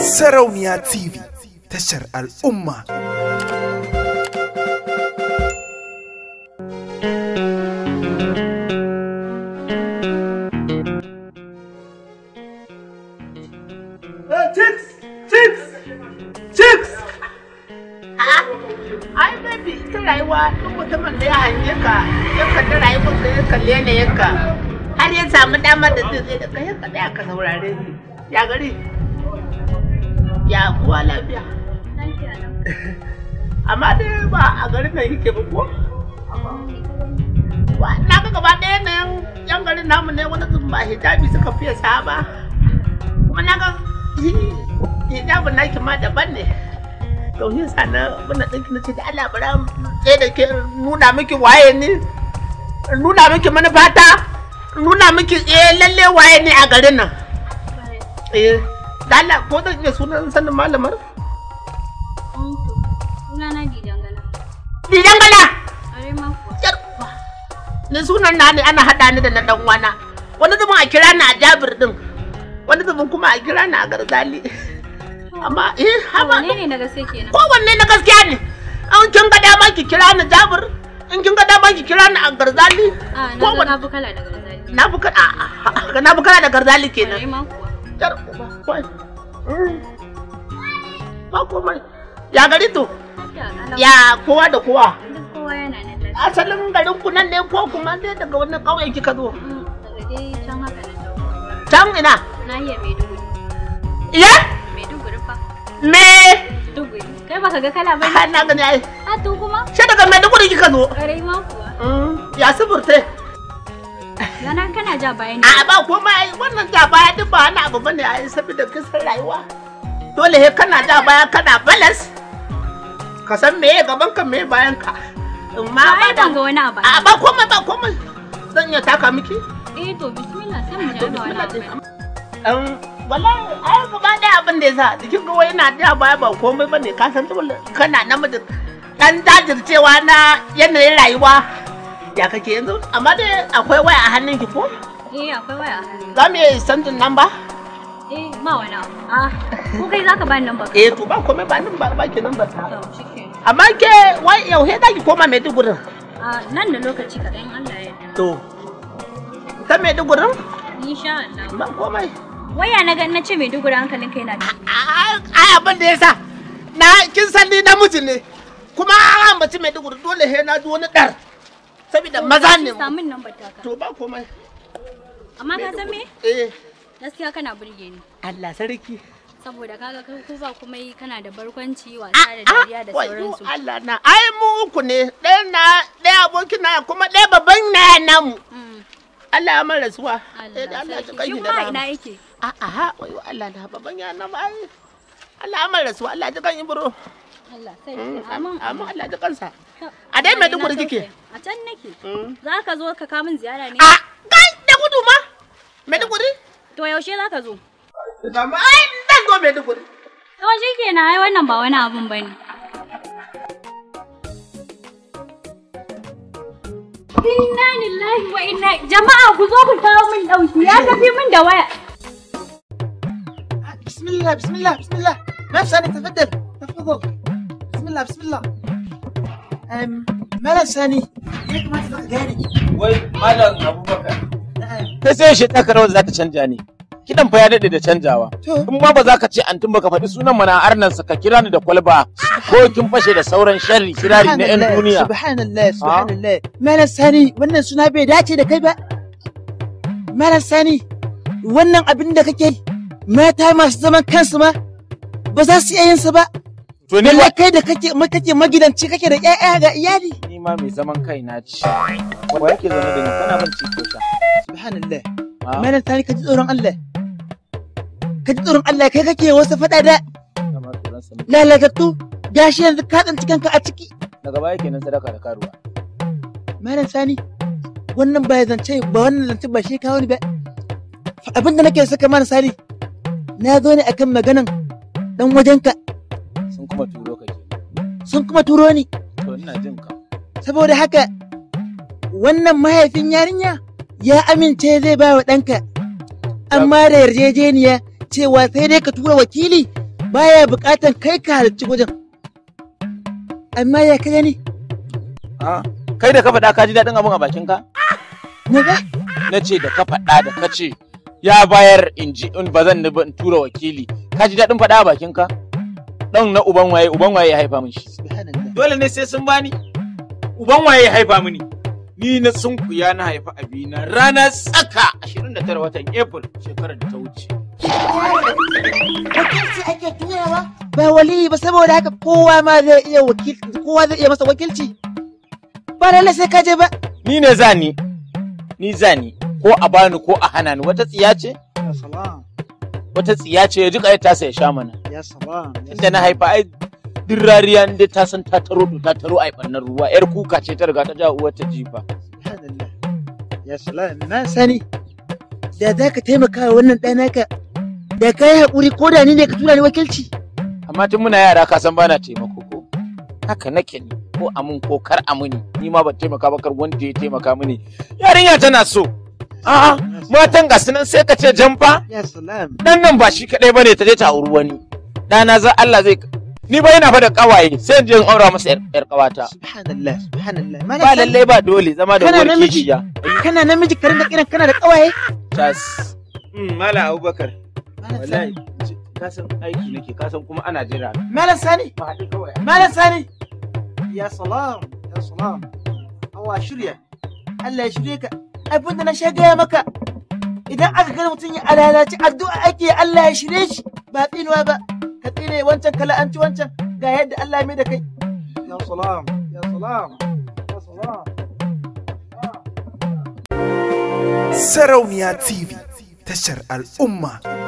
Sarauniya TV tashar al'umma. Eh, ai baby ita rayuwa duk mutumin da ya hange ka ya kalli rayuwar ka ya kalle ne yanka har ya samu damar da zai zai da kai ka tsaya ka saurare ni ya Ya kuwa lafiya. Amma dai ba a garin nan yake ba ko? Na ga gaba ɗaya na yan garin namu ne wani zumba hijabi suka fiye saba. Kuma na ga hijabin naki ma daban ne. To shi na muna ɗinki na ce da Allah bara ɗaya da ke nuna miki waye ni. Nuna miki manufata. Nuna miki eh lalle waye ne a garin nan. Eh. Dala ko da iya sunan sanin malamar? Sunana Didangala. Didangala? Are ma kuwa. Ni sunan na ne ana hada ni da na dan wana. Wani zubin a kira ni a Jabir din. Wani zubin kuma a kira ni a Garzali. Oh. Amma eh haba. Wanne ne na gaske kenan? Ko wanne na gaskiya ne. An kin ga dama ki kira ni Jabir. in kin ga dama ki kira ni a garzali ah, ko na bukala da garzali na bukala na bukala da garzali kenan yar kwai mm. ba komai ya gari to ya kowa da kowa asalin garin ku nan ne ko kuma ne daga wani ƙauye kika zo mm, can ina na iya fa me kai baka ga kala na gani ai a to kuma shi daga maiduguri kika zo ma kuwa mm. ya suburte Yana kana ja baya ne. A ba kuma wannan ja baya duk ba wani abu bane a saboda kisan rayuwa. Dole he kana ja baya kana balas. Ka san me gaban ka me bayan ka. Ma ba da ga wani abu. A ba komai ba komai. Zan iya taka miki? Eh to bismillah sai mu ja da wani abu. wallahi ai gaba daya abin da yasa jikin ruwa yana da baya ba komai bane ka san kana namiji dan jajircewa na yanayin rayuwa ya kake yanzu amma dai akwai waya a hannun ki ko eh akwai waya a hannun za mu yi sandin nan ba eh ma wani abu ah ko kai zaka ba nan ba eh to ba komai ba nan ba ba ke nan ba ta amma ke wai yau he zaki koma Maiduguri ah nan da lokaci kadan Allah ya yarda to ta Maiduguri insha Allah ba komai waya na ga na ce Maiduguri hankalin kai na a abin da yasa na kin san ni namiji ne kuma an ambaci Maiduguri dole he na ji wani dar saboda maza ne samun nan ba taka to ba komai amma ka san me eh gaskiya kana burge ni Allah sarki saboda kaga kai ku ba kana da barkwanci wasa ah, da dariya da ah, sauransu Allah na ai mu uku ne ɗaya na ɗaya abokin na kuma ɗaya babban na namu mm. Allah ya mara suwa eh, Allah ya kai da ina yake a'a ah, wai Allah na babban ya namu ai Allah ya mara suwa Allah ya kai Allah sai mm, Allah kansa. A dai Maiduguri kike? A can nake. Mm. Za ka zo ka ziyara ne? A kai da gudu ma. Maiduguri? To yaushe za ka zo? Da ai zan zo Maiduguri. ai wannan ba wani abun bane. Inna lillahi wa inna jama'a ku zo ku kawo min dauki ya tafi min da waya. Bismillah bismillah bismillah. نفسي bismillah bismillah um malam sani ya kamata ka gane wai malam abubakar ta sai shi ta karawar za ta canja ne kidan fa ya dade da canjawa in ma ba za ka ce antin baka faɗi sunan mana arnan ka kira ni da kwalba ko kin fashe da sauran sharri kirari na yan duniya subhanallah ah. subhanallah malam sani wannan suna bai dace da kai ba malam sani wannan abin da kake mata masu zaman kansu ma ba za su iya yin sa ba To ni ma kai da kake mai kake magidanci kake da ƴaƴa ga iyali. Ni ma mai zaman kai na ci. Wa yake zaune da ni kana min ci kyauta. Subhanallah. Mai nan ka kaji tsoron Allah. Kaji tsoron Allah kai kake wasu fada da lalatattu gashi yanzu ka tsanci kanka a ciki. Daga baya kenan sadaka da karuwa. Mai nan Sani wannan ba zance ba wannan zance ba shi kawo ni ba. Abin da nake saka mana Sani na zo ne akan maganan dan wajenka kuma turo ka kenan. Sun kuma turo ni? To ina jin ka. Saboda haka wannan mahaifin yarinya ya amince zai ba wa ɗanka. Amma da yarjejeniya cewa sai dai ka tura wakili baya buƙatan kai ka halarci wajen. Amma ya kai ne? A kai da ka faɗa ka ji daɗin abin a bakinka? Na ga? Na ce da ka faɗa da ka ce ya bayar in ji in ba zan tura wakili. Ka ji daɗin faɗa a bakinka? dan na uban waye uban waye ya haifa min shi dole ne sai sun bani uban waye ya haifa mini ni na sunkuya na haifa abina rana tsaka 29 watan april shekarar da ta wuce wakilci ake tuyawa ba wali ba saboda haka kowa ma zai iya wakilci kowa zai iya masa wakilci ba lalle sai ka je ba ni ne zani ni zani ko a bani ko a hana ni wata tsiya ce wata tsiya ce ya ji ƙayar tasa ya sha mana. Inda na haifa ai duk rariya inda ta san ta taro to ta taro ai bannan ruwa yar kuka ce ta riga ta ja uwar ta jifa. Ya salam na sani da za ka taimaka wa wannan ɗana ka da ka yi haƙuri ko da ni ne ka tura ni wakilci. Amma tun muna yara ka san bana taimako ko haka nake ni ko amin ko kar amini ni ma ban taimaka ba kar wanda ya taimaka mini yarinya tana so. A'a matan ga sunan sai ka ce jamfa dan nan ba shi kaɗai ba ne ta je ta auri wani dana za Allah zai ni ba yana da kawaye sai in je in aura masa yar kawata ba lallai ba dole zama da uwar kishiya kana namiji ka rinka kiran kana da kawaye tas hmm, mala abubakar wallahi ka san aiki nake ka san kuma ana jira malam sani malam sani ya salam ya salam Allah shirya Allah ya shirya ka abinda na sha gaya maka idan aka ga mutum ya alalaci addu'a ake Allah ya shirye shi ba tsinuwa ba ka tsine wancan ka la'anci wancan ga yadda Allah mai da kai ya salam ya salam ya salam Sarauniya TV tashar al'umma